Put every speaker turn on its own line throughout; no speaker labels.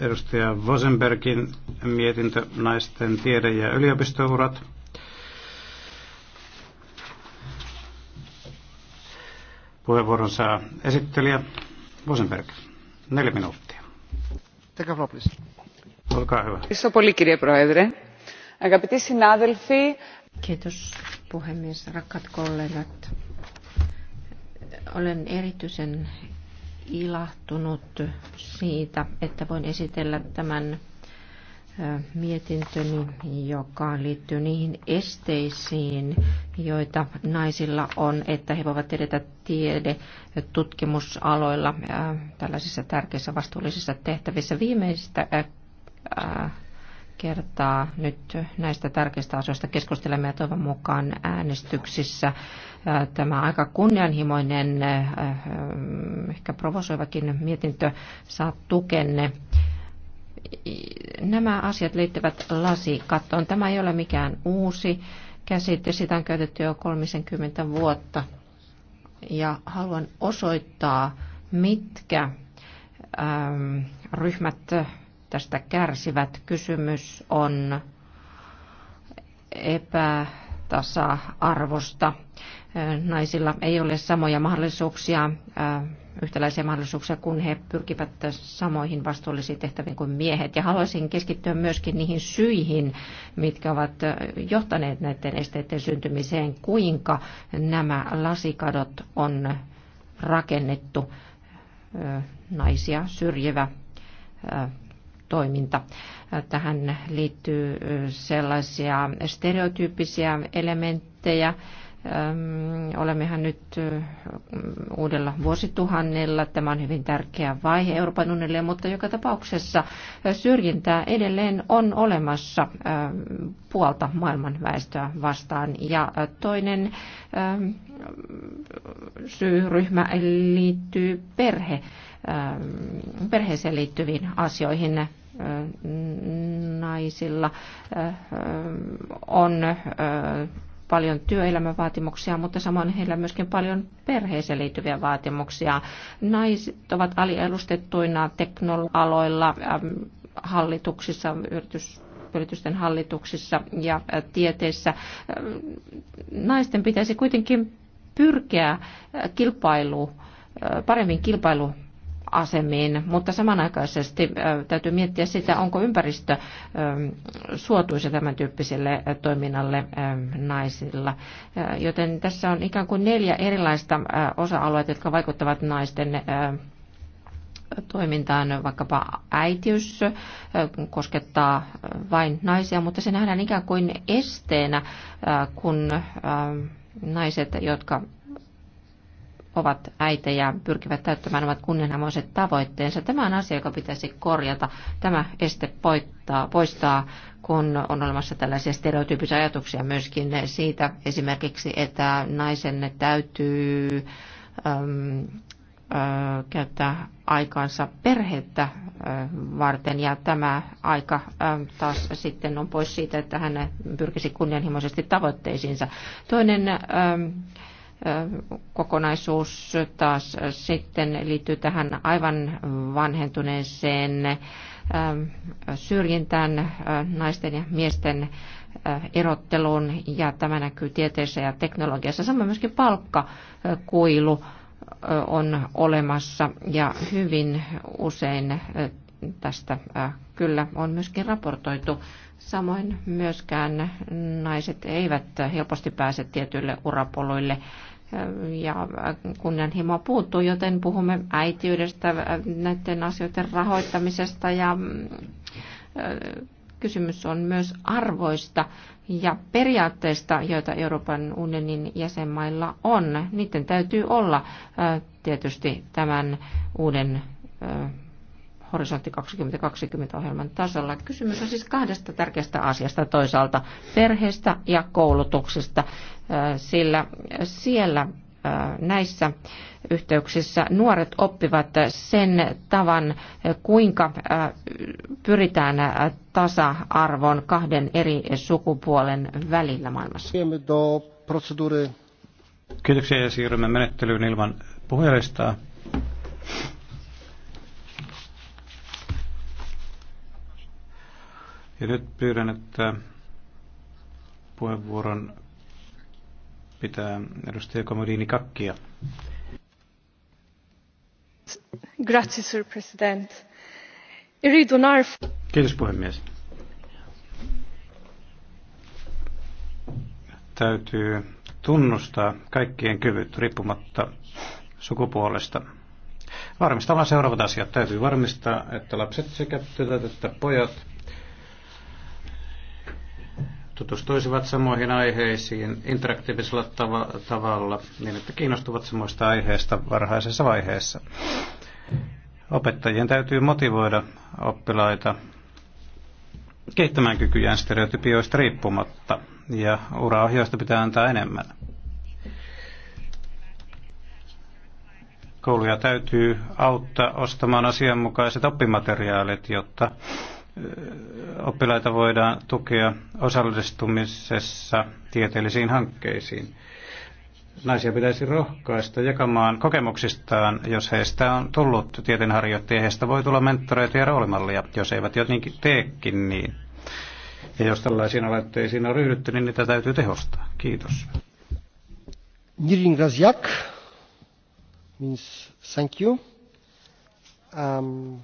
Edustaja Vosenbergin mietintö naisten tiede- ja yliopistourat. Puheenvuoron saa esittelijä Vosenberg. Neljä minuuttia.
Tekä Floplis. Olkaa hyvä. Kiitos πολύ κύριε Πρόεδρε.
Kiitos puhemies, rakkaat kollegat. Olen erityisen ilahtunut siitä, että voin esitellä tämän mietintöni, joka liittyy niihin esteisiin, joita naisilla on, että he voivat edetä tiede- ja tutkimusaloilla tällaisissa tärkeissä vastuullisissa tehtävissä. Viimeistä kertaa nyt näistä tärkeistä asioista keskustelemme ja toivon mukaan äänestyksissä tämä aika kunnianhimoinen, ehkä provosoivakin mietintö saa tukenne nämä asiat liittyvät lasikattoon. Tämä ei ole mikään uusi käsite, sitä on käytetty jo 30 vuotta. Ja haluan osoittaa, mitkä ryhmät tästä kärsivät. Kysymys on epätasa-arvosta. Naisilla ei ole samoja mahdollisuuksia, äh, yhtäläisiä mahdollisuuksia, kun he pyrkivät samoihin vastuullisiin tehtäviin kuin miehet. Ja haluaisin keskittyä myöskin niihin syihin, mitkä ovat äh, johtaneet näiden esteiden syntymiseen, kuinka nämä lasikadot on rakennettu äh, naisia syrjivä toiminta. Tähän liittyy sellaisia stereotyyppisiä elementtejä, Olemmehan nyt uudella vuosituhannella. Tämä on hyvin tärkeä vaihe Euroopan unionille, mutta joka tapauksessa syrjintää edelleen on olemassa puolta maailman väestöä vastaan. Ja toinen syyryhmä liittyy perhe, perheeseen liittyviin asioihin naisilla on paljon työelämän vaatimuksia, mutta samoin heillä myöskin paljon perheeseen liittyviä vaatimuksia. Naiset ovat aliedustettuina teknoaloilla, ähm, hallituksissa, yritys, yritysten hallituksissa ja äh, tieteissä. Äh, naisten pitäisi kuitenkin pyrkiä äh, kilpailu, paremmin kilpailu asemiin, mutta samanaikaisesti täytyy miettiä sitä, onko ympäristö suotuisa tämän tyyppiselle toiminnalle naisilla. Joten tässä on ikään kuin neljä erilaista osa-alueita, jotka vaikuttavat naisten toimintaan vaikkapa äitiys koskettaa vain naisia, mutta se nähdään ikään kuin esteenä, kun naiset, jotka ovat äitejä, pyrkivät täyttämään omat kunnianhimoiset tavoitteensa. Tämä on asia, joka pitäisi korjata. Tämä este poittaa, poistaa, kun on olemassa tällaisia stereotyyppisiä ajatuksia myöskin siitä esimerkiksi, että naisen täytyy äm, ä, käyttää aikaansa perhettä ä, varten ja tämä aika ä, taas sitten on pois siitä, että hän pyrkisi kunnianhimoisesti tavoitteisiinsa. Toinen ä, kokonaisuus taas sitten liittyy tähän aivan vanhentuneeseen ähm, syrjintään äh, naisten ja miesten äh, erotteluun ja tämä näkyy tieteessä ja teknologiassa. Samoin myöskin palkkakuilu äh, on olemassa ja hyvin usein tästä kyllä on myöskin raportoitu. Samoin myöskään naiset eivät helposti pääse tietyille urapoluille ja kunnianhimo puuttuu, joten puhumme äitiydestä, näiden asioiden rahoittamisesta ja mm, kysymys on myös arvoista ja periaatteista, joita Euroopan unionin jäsenmailla on. Niiden täytyy olla tietysti tämän uuden Horisontti 2020-ohjelman tasolla. Kysymys on siis kahdesta tärkeästä asiasta toisaalta, perheestä ja koulutuksesta, äh, sillä siellä äh, näissä yhteyksissä nuoret oppivat sen tavan, kuinka äh, pyritään tasa-arvon kahden eri sukupuolen välillä maailmassa.
Kiitoksia ja siirrymme menettelyyn ilman puheenjohtajaa. Ja nyt pyydän, että puheenvuoron pitää edustaja Komodini Kakkia.
Grazie, sir president.
Kiitos puhemies. Täytyy tunnustaa kaikkien kyvyt riippumatta sukupuolesta. Varmistellaan seuraavat asiat. Täytyy varmistaa, että lapset sekä tytöt että pojat tutustuisivat samoihin aiheisiin interaktiivisella tav- tavalla, niin että kiinnostuvat samoista aiheista varhaisessa vaiheessa. Opettajien täytyy motivoida oppilaita kehittämään kykyjään stereotypioista riippumatta, ja uraohjausta pitää antaa enemmän. Kouluja täytyy auttaa ostamaan asianmukaiset oppimateriaalit, jotta oppilaita voidaan tukea osallistumisessa tieteellisiin hankkeisiin. Naisia pitäisi rohkaista jakamaan kokemuksistaan, jos heistä on tullut tieteenharjoittajia, heistä voi tulla mentoreita ja roolimallia, jos eivät jotenkin teekin niin. Ja jos tällaisiin aloitteisiin on ryhdytty, niin niitä täytyy
tehostaa. Kiitos. means thank you. Um,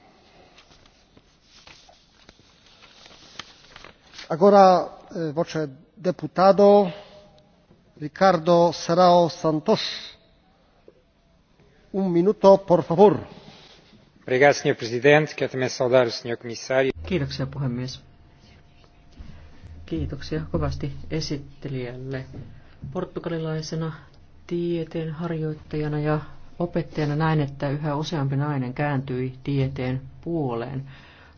agora e, voce deputado ricardo serrao santos
um minuto por favor.
Obrigado, Sr. Presidente. Quero também saudar o Sr. Comissário.
Kiitoksia, puhemies. Kiitoksia kovasti esittelijälle. Portugalilaisena tieteen harjoittajana ja opettajana näin, että yhä useampi nainen kääntyi tieteen puoleen.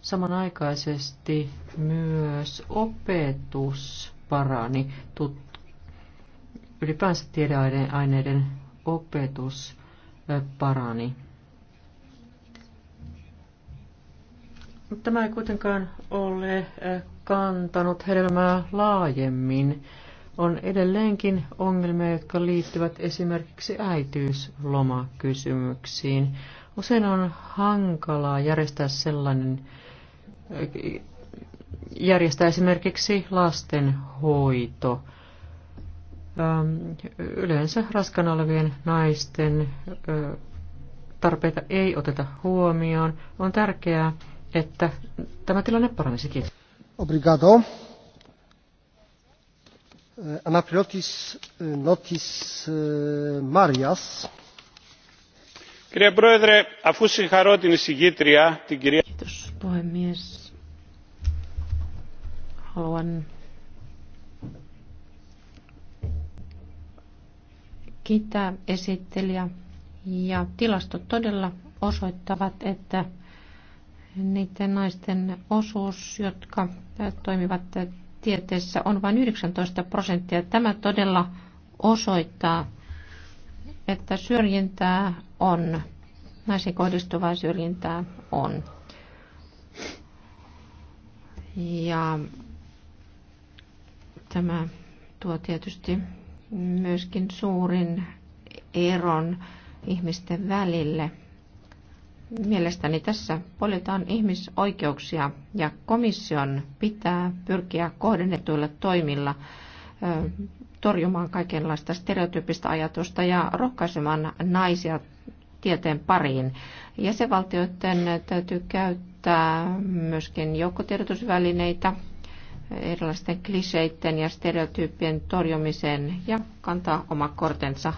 Samanaikaisesti myös opetus parani, tut, ylipäänsä tiedeaineiden opetus parani. Tämä ei kuitenkaan ole kantanut hedelmää laajemmin. On edelleenkin ongelmia, jotka liittyvät esimerkiksi äitiyslomakysymyksiin. Usein on hankalaa järjestää sellainen järjestää esimerkiksi lastenhoito. Ähm, yleensä raskana olevien naisten äh, tarpeita ei oteta huomioon. On tärkeää, että tämä tilanne paranisi. Kiitos. Obrigado. Eh,
Anapriotis eh, Notis eh, Marias.
Kiitos,
Puhemies, Haluan kiittää esittelijä. Ja tilastot todella osoittavat, että niiden naisten osuus, jotka toimivat tieteessä, on vain 19 prosenttia. Tämä todella osoittaa, että syrjintää on, naisiin kohdistuvaa syrjintää on. Ja Tämä tuo tietysti myöskin suurin eron ihmisten välille. Mielestäni tässä poljetaan ihmisoikeuksia ja komission pitää pyrkiä kohdennetuilla toimilla torjumaan kaikenlaista stereotyyppistä ajatusta ja rohkaisemaan naisia tieteen pariin. Jäsenvaltioiden täytyy käyttää myöskin joukkotiedotusvälineitä erilaisten kliseiden ja stereotyyppien torjumiseen ja kantaa oma kortensa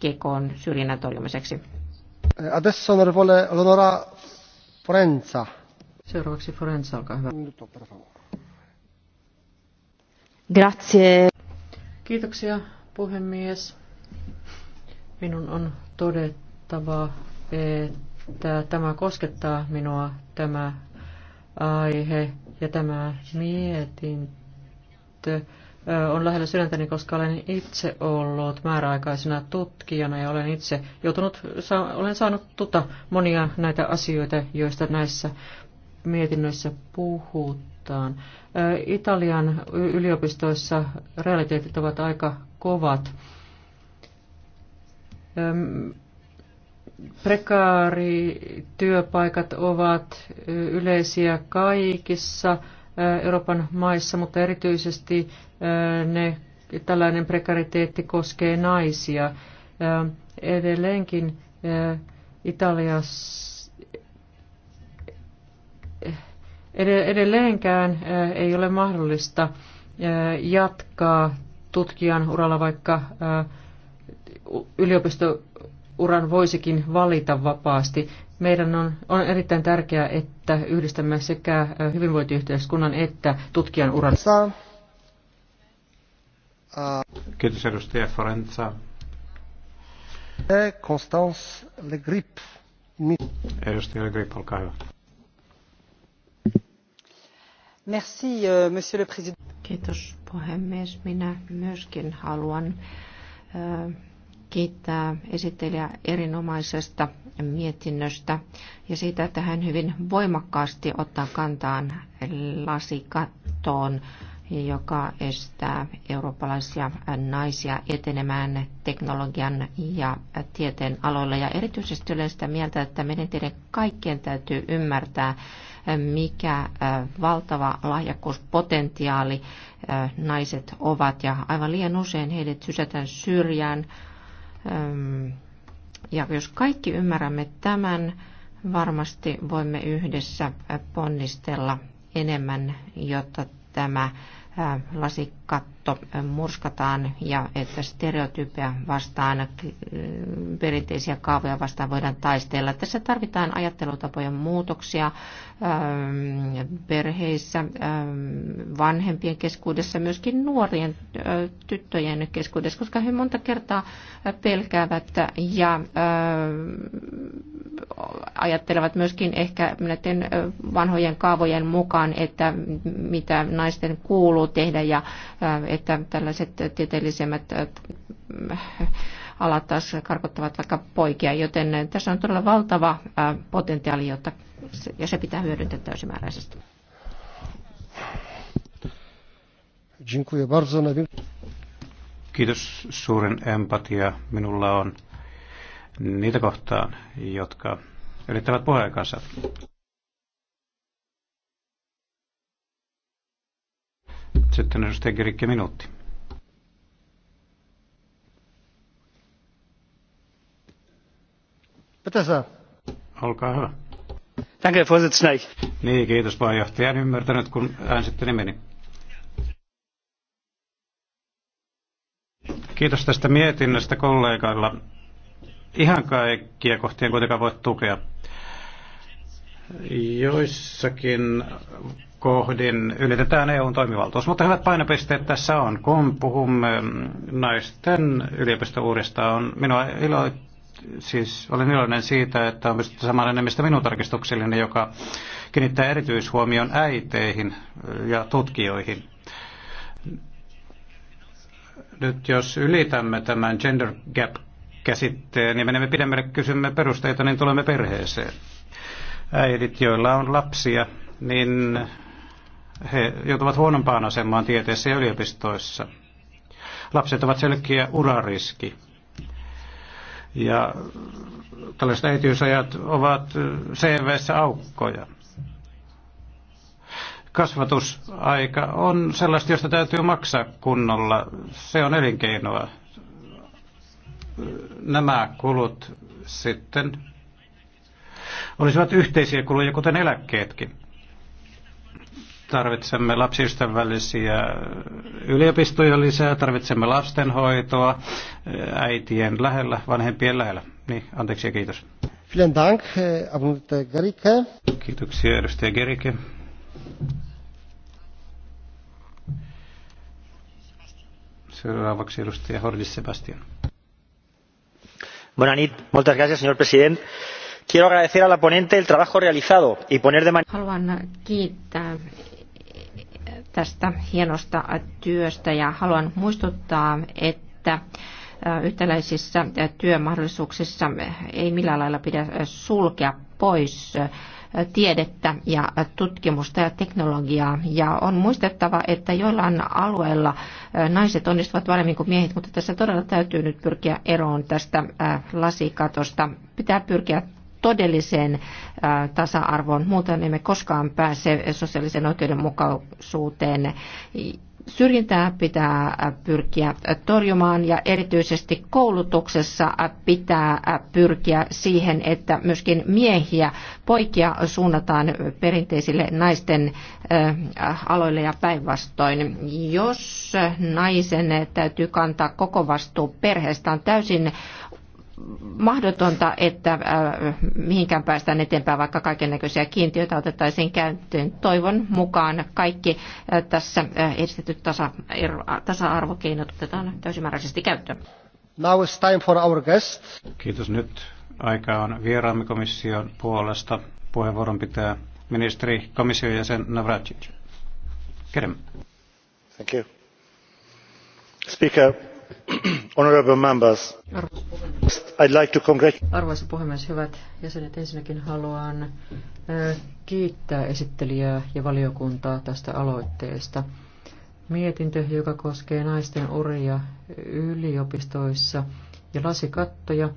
kekoon syrjinnän torjumiseksi.
Adesso onorevole Leonora Forenza. Seuraavaksi Forenza,
olkaa hyvä. Grazie. Kiitoksia puhemies. Minun on todettava, että tämä koskettaa minua tämä aihe ja tämä mietintö on lähellä sydäntäni, koska olen itse ollut määräaikaisena tutkijana ja olen itse joutunut, olen saanut tuta monia näitä asioita, joista näissä mietinnöissä puhutaan. Italian yliopistoissa realiteetit ovat aika kovat. Prekaarityöpaikat ovat yleisiä kaikissa Euroopan maissa, mutta erityisesti ne, tällainen prekariteetti koskee naisia. Edelleenkin Italiassa edelleenkään ei ole mahdollista jatkaa tutkijan uralla, vaikka yliopisto uran voisikin valita vapaasti. Meidän on, on erittäin tärkeää, että yhdistämme sekä hyvinvointiyhteiskunnan että tutkijan uran.
Kiitos edustaja Forenza.
Eh, Constance
Le Grip.
Edustaja Le Grip, olkaa hyvä.
Merci, euh, monsieur le président. Kiitos puhemies. Minä myöskin haluan kiittää esittelijä erinomaisesta mietinnöstä ja siitä, että hän hyvin voimakkaasti ottaa kantaan lasikattoon, joka estää eurooppalaisia naisia etenemään teknologian ja tieteen aloilla. Ja erityisesti olen sitä mieltä, että meidän teidän kaikkien täytyy ymmärtää, mikä valtava lahjakkuuspotentiaali naiset ovat. Ja aivan liian usein heidät sysätään syrjään ja jos kaikki ymmärrämme tämän, varmasti voimme yhdessä äh, ponnistella enemmän, jotta tämä äh, lasikatto maahanmuutto murskataan ja että stereotypia vastaan, perinteisiä kaavoja vastaan voidaan taistella. Tässä tarvitaan ajattelutapojen muutoksia perheissä, vanhempien keskuudessa, myöskin nuorien tyttöjen keskuudessa, koska he monta kertaa pelkäävät ja ajattelevat myöskin ehkä näiden vanhojen kaavojen mukaan, että mitä naisten kuuluu tehdä ja että tällaiset tieteellisemmät äh, alat taas karkottavat vaikka poikia, joten tässä on todella valtava äh, potentiaali, jota, ja se pitää hyödyntää täysimääräisesti.
Kiitos suuren empatia minulla on niitä kohtaan, jotka yrittävät puheen kanssa. Sitten edustaja Kirikki minuutti. saa? Olkaa hyvä. Danke, Vorsitzender. Niin, kiitos puheenjohtaja. En ymmärtänyt, kun äänsitte nimeni. Kiitos tästä mietinnöstä kollegailla. Ihan kaikkia kohtia kuitenkaan voi tukea. Joissakin kohdin ylitetään EUn toimivaltuus. Mutta hyvät painopisteet tässä on. Kun puhumme naisten yliopistouudesta, on minua ilo, siis olen iloinen siitä, että on pystytty samaan enemmistö minun tarkistuksellinen, joka kiinnittää erityishuomion äiteihin ja tutkijoihin. Nyt jos ylitämme tämän gender gap käsitteen ja niin menemme pidemmälle kysymme perusteita, niin tulemme perheeseen. Äidit, joilla on lapsia, niin he joutuvat huonompaan asemaan tieteessä ja yliopistoissa. Lapset ovat selkeä urariski. Ja tällaiset äitiysajat ovat CVssä aukkoja. Kasvatusaika on sellaista, josta täytyy maksaa kunnolla. Se on elinkeinoa. Nämä kulut sitten olisivat yhteisiä kuluja, kuten eläkkeetkin. Tarvitsemme lapsiystävällisiä yliopistoja lisää, tarvitsemme lastenhoitoa äitien lähellä, vanhempien lähellä. Niin, anteeksi ja kiitos.
Vielen Dank, Gerike.
Kiitoksia, edustaja Gerike. Seuraavaksi edustaja Hordis Sebastian. Buenas noches, señor presidente. Quiero agradecer a la ponente el trabajo realizado y poner de
Haluan kiittää tästä hienosta työstä ja haluan muistuttaa, että yhtäläisissä työmahdollisuuksissa ei millään lailla pidä sulkea pois tiedettä ja tutkimusta ja teknologiaa. Ja on muistettava, että joillain alueilla naiset onnistuvat paremmin kuin miehet, mutta tässä todella täytyy nyt pyrkiä eroon tästä lasikatosta. Pitää pyrkiä todelliseen äh, tasa-arvoon. Muuten emme koskaan pääse sosiaalisen oikeudenmukaisuuteen. Syrjintää pitää äh, pyrkiä torjumaan ja erityisesti koulutuksessa äh, pitää pyrkiä siihen, että myöskin miehiä, poikia suunnataan perinteisille naisten aloille ja päinvastoin. Jos naisen täytyy kantaa koko vastuu perheestä, on täysin mahdotonta, että äh, mihinkään päästään eteenpäin, vaikka kaikennäköisiä kiintiöitä otettaisiin käyttöön. Toivon mukaan kaikki äh, tässä äh, edistetyt tasa-arvokeinot otetaan täysimääräisesti käyttöön.
Now it's time for our guest. Kiitos nyt. Aika
on vieraamme komission puolesta. Puheenvuoron pitää ministeri komission jäsen Navracic. Kerem. Thank you. Speaker,
Arvoisa puhemies, hyvät jäsenet, ensinnäkin haluan kiittää esittelijää ja valiokuntaa tästä aloitteesta. Mietintö, joka koskee naisten uria yliopistoissa ja lasikattoja,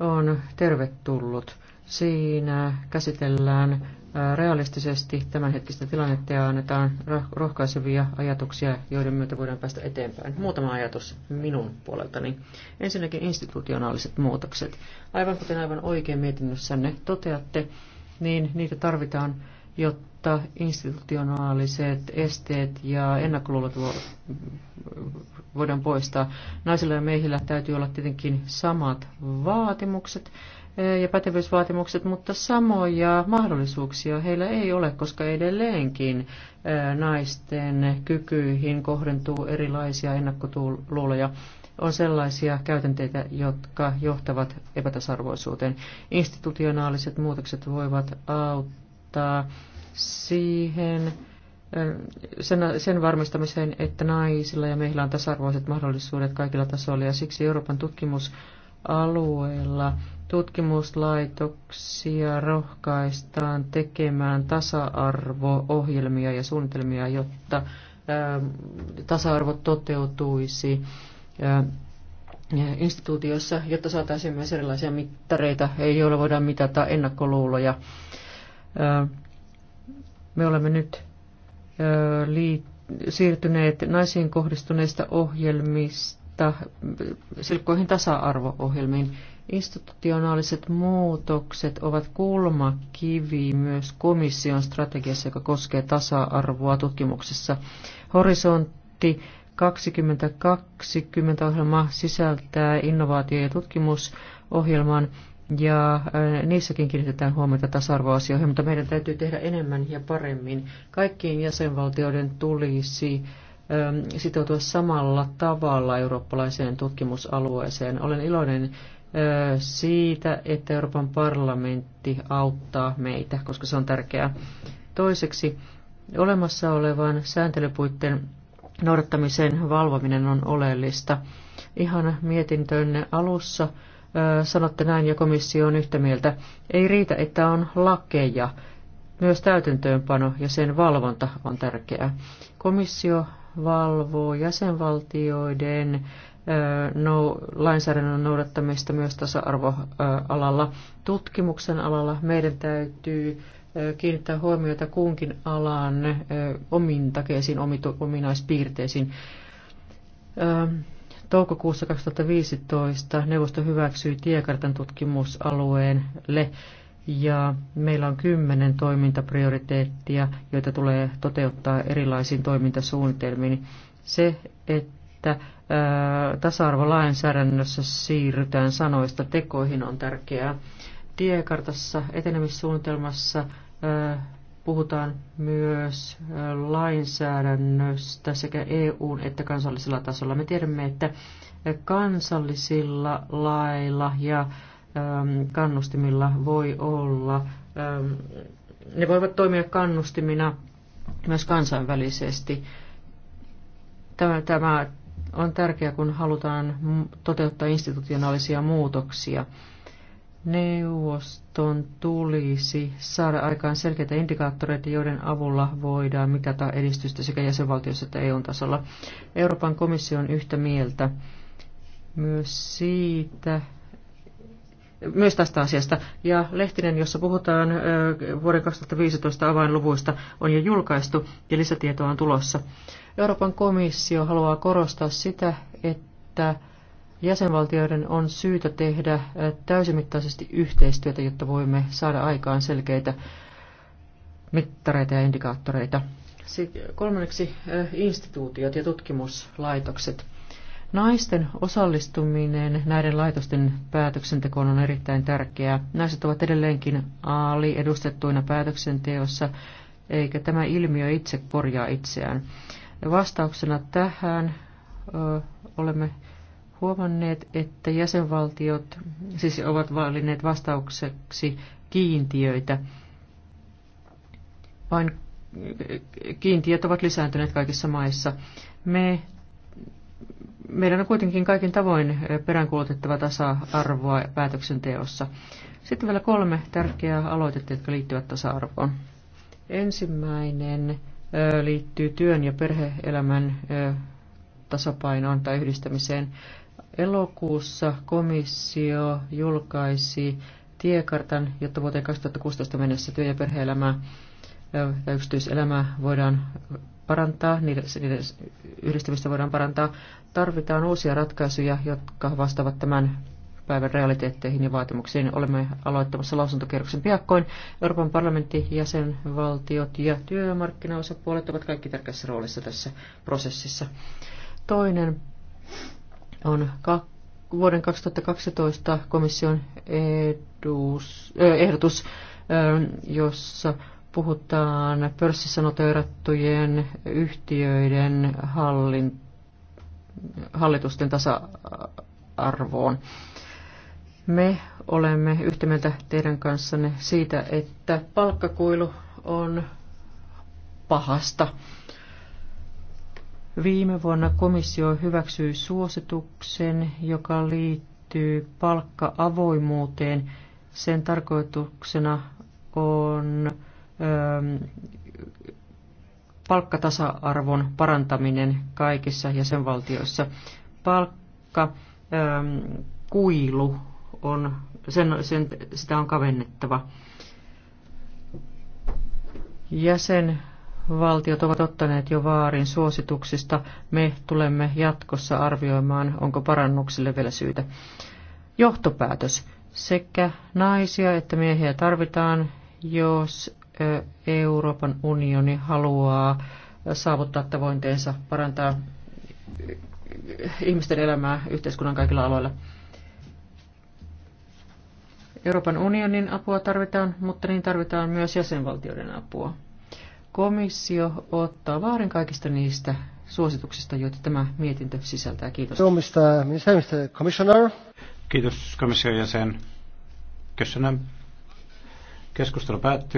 on tervetullut. Siinä käsitellään realistisesti tämänhetkistä tilannetta ja annetaan rohkaisevia ajatuksia, joiden myötä voidaan päästä eteenpäin. Muutama ajatus minun puoleltani. Ensinnäkin institutionaaliset muutokset. Aivan kuten aivan oikein mietinnössänne toteatte, niin niitä tarvitaan, jotta institutionaaliset esteet ja ennakkoluulot voidaan poistaa. Naisilla ja miehillä täytyy olla tietenkin samat vaatimukset, ja pätevyysvaatimukset, mutta samoja mahdollisuuksia heillä ei ole, koska edelleenkin naisten kykyihin kohdentuu erilaisia ennakkoluuloja. On sellaisia käytänteitä, jotka johtavat epätasarvoisuuteen. Institutionaaliset muutokset voivat auttaa siihen, sen, sen varmistamiseen, että naisilla ja meillä on tasa-arvoiset mahdollisuudet kaikilla tasoilla, ja siksi Euroopan tutkimus alueella tutkimuslaitoksia rohkaistaan tekemään tasa-arvo-ohjelmia ja suunnitelmia, jotta ähm, tasa-arvo toteutuisi äh, instituutiossa, jotta saataisiin myös erilaisia mittareita, joilla voidaan mitata ennakkoluuloja. Äh, me olemme nyt äh, liittyneet siirtyneet naisiin kohdistuneista ohjelmista ta, silkkoihin tasa-arvo-ohjelmiin. Institutionaaliset muutokset ovat kulmakivi myös komission strategiassa, joka koskee tasa-arvoa tutkimuksessa. Horisontti 2020-ohjelma sisältää innovaatio- ja tutkimusohjelman, ja niissäkin kiinnitetään huomiota tasa-arvoasioihin, mutta meidän täytyy tehdä enemmän ja paremmin. Kaikkiin jäsenvaltioiden tulisi Ähm, sitoutua samalla tavalla eurooppalaiseen tutkimusalueeseen. Olen iloinen äh, siitä, että Euroopan parlamentti auttaa meitä, koska se on tärkeää. Toiseksi olemassa olevan sääntelypuitteen noudattamisen valvominen on oleellista. Ihan mietintönne alussa äh, sanotte näin ja komissio on yhtä mieltä. Ei riitä, että on lakeja. Myös täytäntöönpano ja sen valvonta on tärkeää. Komissio valvoo jäsenvaltioiden no, lainsäädännön noudattamista myös tasa-arvoalalla. Tutkimuksen alalla meidän täytyy kiinnittää huomiota kunkin alan omiin takeisiin, ominaispiirteisiin. Toukokuussa 2015 neuvosto hyväksyi tiekartan tutkimusalueelle ja meillä on kymmenen toimintaprioriteettia, joita tulee toteuttaa erilaisiin toimintasuunnitelmiin. Se, että tasa-arvolainsäädännössä siirrytään sanoista tekoihin on tärkeää. Tiekartassa, etenemissuunnitelmassa puhutaan myös lainsäädännöstä sekä EUn että kansallisella tasolla. Me tiedämme, että kansallisilla lailla ja Ähm, kannustimilla voi olla, ähm, ne voivat toimia kannustimina myös kansainvälisesti. Tämä, tämä on tärkeää, kun halutaan toteuttaa institutionaalisia muutoksia. Neuvoston tulisi saada aikaan selkeitä indikaattoreita, joiden avulla voidaan mitata edistystä sekä jäsenvaltiossa että EU-tasolla. Euroopan komissio on yhtä mieltä myös siitä, myös tästä asiasta. Ja lehtinen, jossa puhutaan vuoden 2015 avainluvuista, on jo julkaistu ja lisätietoa on tulossa. Euroopan komissio haluaa korostaa sitä, että jäsenvaltioiden on syytä tehdä täysimittaisesti yhteistyötä, jotta voimme saada aikaan selkeitä mittareita ja indikaattoreita. Sitten kolmanneksi instituutiot ja tutkimuslaitokset. Naisten osallistuminen näiden laitosten päätöksentekoon on erittäin tärkeää. Naiset ovat edelleenkin aliedustettuina päätöksenteossa, eikä tämä ilmiö itse korjaa itseään. Vastauksena tähän ö, olemme huomanneet, että jäsenvaltiot siis ovat valinneet vastaukseksi kiintiöitä. Vain kiintiöt ovat lisääntyneet kaikissa maissa. Me meidän on kuitenkin kaikin tavoin peräänkuulutettava tasa-arvoa päätöksenteossa. Sitten vielä kolme tärkeää aloitetta, jotka liittyvät tasa-arvoon. Ensimmäinen liittyy työn ja perheelämän tasapainoon tai yhdistämiseen. Elokuussa komissio julkaisi tiekartan, jotta vuoteen 2016 mennessä työ- ja perheelämää ja yksityiselämää voidaan parantaa, niiden yhdistämistä voidaan parantaa. Tarvitaan uusia ratkaisuja, jotka vastaavat tämän päivän realiteetteihin ja vaatimuksiin. Olemme aloittamassa lausuntokierroksen piakkoin. Euroopan parlamentti, jäsenvaltiot ja työmarkkinaosapuolet ovat kaikki tärkeässä roolissa tässä prosessissa. Toinen on vuoden 2012 komission edus, ehdotus, jossa puhutaan pörssissä noteerattujen yhtiöiden hallinta hallitusten tasa-arvoon. Me olemme yhtä mieltä teidän kanssanne siitä, että palkkakuilu on pahasta. Viime vuonna komissio hyväksyi suosituksen, joka liittyy palkka-avoimuuteen. Sen tarkoituksena on öö, palkkatasa-arvon parantaminen kaikissa jäsenvaltioissa. Palkka, ähm, kuilu on, sen, sen, sitä on kavennettava. Jäsenvaltiot ovat ottaneet jo vaarin suosituksista. Me tulemme jatkossa arvioimaan, onko parannuksille vielä syytä. Johtopäätös. Sekä naisia että miehiä tarvitaan, jos Euroopan unioni haluaa saavuttaa tavoitteensa parantaa ihmisten elämää yhteiskunnan kaikilla aloilla. Euroopan unionin apua tarvitaan, mutta niin tarvitaan myös jäsenvaltioiden apua. Komissio ottaa vaarin kaikista niistä suosituksista, joita tämä mietintö sisältää. Kiitos.
Kiitos komission jäsen. Kysynnän keskustelu päättyy.